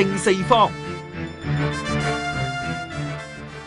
政四方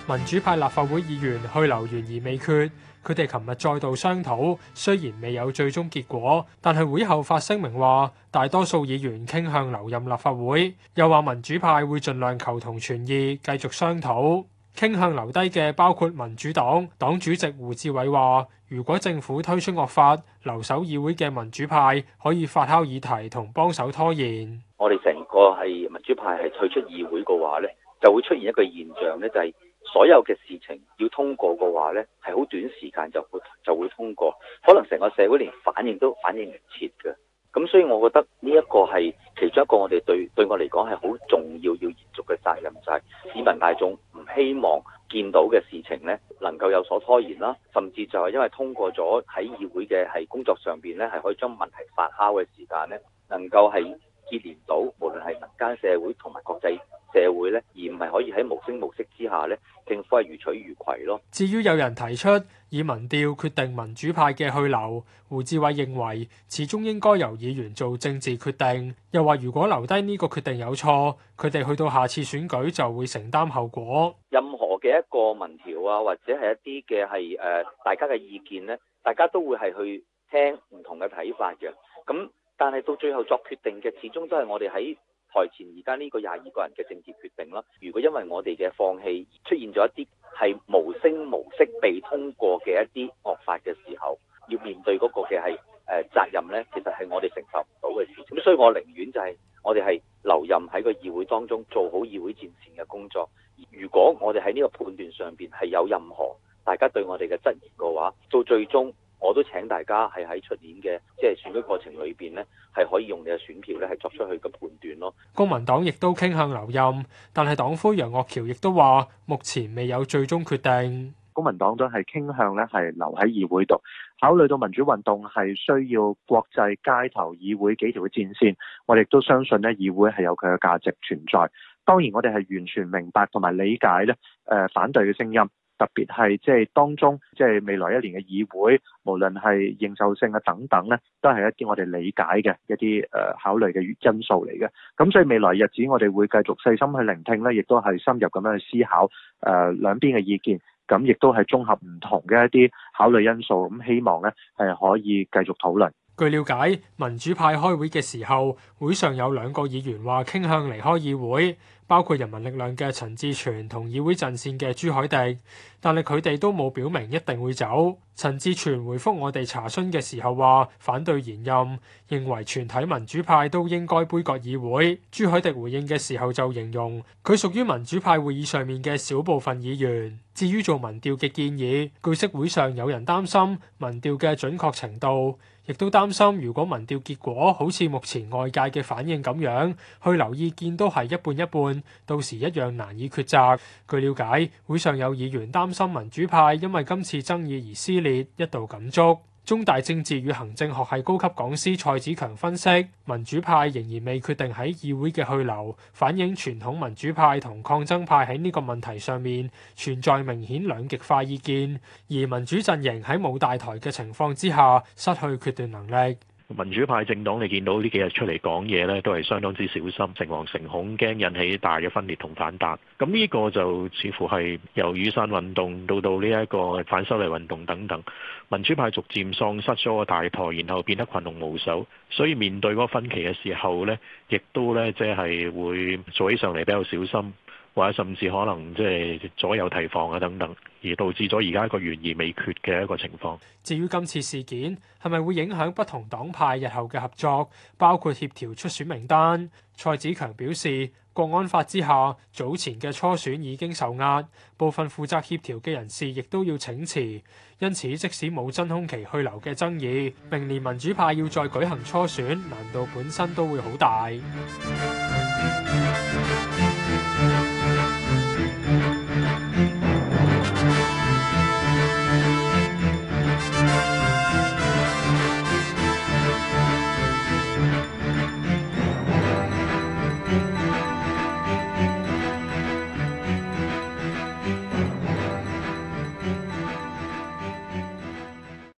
民主派立法會議員去留懸而未決，佢哋琴日再度商討，雖然未有最終結果，但係會後發聲明話，大多數議員傾向留任立法會，又話民主派會盡量求同存異，繼續商討。傾向留低嘅包括民主黨黨主席胡志偉話：如果政府推出惡法，留守議會嘅民主派可以發酵議題同幫手拖延。我哋成個係民主派係退出議會嘅話咧，就會出現一個現象咧，就係所有嘅事情要通過嘅話咧，係好短時間就會就會通過，可能成個社會連反應都反應唔切嘅。咁所以我覺得呢一個係。其中一個我哋對對我嚟講係好重要要延續嘅責任，就係市民大眾唔希望見到嘅事情呢能夠有所拖延啦，甚至就係因為通過咗喺議會嘅係工作上邊呢，係可以將問題發酵嘅時間呢，能夠係結連到無論係民間社會同埋國際社會呢，而唔係可以喺無聲無息之下呢，政府係如取如攜咯。至於有人提出，以民調決定民主派嘅去留，胡志偉認為始終應該由議員做政治決定。又話如果留低呢個決定有錯，佢哋去到下次選舉就會承擔後果。任何嘅一個民調啊，或者係一啲嘅係誒大家嘅意見呢，大家都會係去聽唔同嘅睇法嘅。咁但係到最後作決定嘅始終都係我哋喺台前而家呢個廿二個人嘅政治決定啦，如果因為我哋嘅放棄出現咗一啲，係無聲無息被通過嘅一啲惡法嘅時候，要面對嗰個嘅係誒責任呢，其實係我哋承受唔到嘅事。咁所以我寧願就係、是、我哋係留任喺個議會當中做好議會戰線嘅工作。如果我哋喺呢個判斷上邊係有任何大家對我哋嘅質疑嘅話，到最終。我都請大家係喺出年嘅即係選舉過程裏邊咧，係可以用你嘅選票咧，係作出佢嘅判斷咯。公民黨亦都傾向留任，但係黨魁楊岳橋亦都話目前未有最終決定。公民黨都係傾向咧，係留喺議會度。考慮到民主運動係需要國際街頭議會幾條嘅戰線，我哋亦都相信咧，議會係有佢嘅價值存在。當然，我哋係完全明白同埋理解咧，誒反對嘅聲音。特別係即係當中，即係未來一年嘅議會，無論係認受性啊等等咧，都係一啲我哋理解嘅一啲誒考慮嘅因素嚟嘅。咁所以未來日子我哋會繼續細心去聆聽咧，亦都係深入咁樣去思考誒、呃、兩邊嘅意見，咁亦都係綜合唔同嘅一啲考慮因素。咁希望咧係可以繼續討論。據了解，民主派開會嘅時候，會上有兩個議員話傾向離開議會。包括人民力量嘅陳志全同議會陣線嘅朱凱廸，但係佢哋都冇表明一定會走。陳志全回覆我哋查詢嘅時候話反對延任，認為全體民主派都應該杯葛議會。朱凱廸回應嘅時候就形容佢屬於民主派會議上面嘅小部分議員。至於做民調嘅建議，據悉會上有人擔心民調嘅準確程度，亦都擔心如果民調結果好似目前外界嘅反應咁樣，去留意見都係一半一半。到時一樣難以抉擇。據了解，會上有議員擔心民主派因為今次爭議而撕裂，一度緊縮。中大政治與行政學系高級講師蔡子強分析，民主派仍然未決定喺議會嘅去留，反映傳統民主派同抗爭派喺呢個問題上面存在明顯兩極化意見，而民主陣營喺冇大台嘅情況之下，失去決斷能力。民主派政黨你見到呢幾日出嚟講嘢咧，都係相當之小心、誠惶誠恐，驚引起大嘅分裂同反彈，咁呢個就似乎係由雨傘運動到到呢一個反修例運動等等，民主派逐漸喪失咗個大台，然後變得群龍無首，所以面對嗰個分歧嘅時候咧，亦都咧即係會做起上嚟比較小心。或者甚至可能即係左右提防啊等等，而導致咗而家一個懸而未決嘅一個情況。至於今次事件係咪會影響不同黨派日後嘅合作，包括協調出選名單？蔡子強表示，國安法之下，早前嘅初選已經受壓，部分負責協調嘅人士亦都要請辭，因此，即使冇真空期去留嘅爭議，明年民主派要再舉行初選，難度本身都會好大。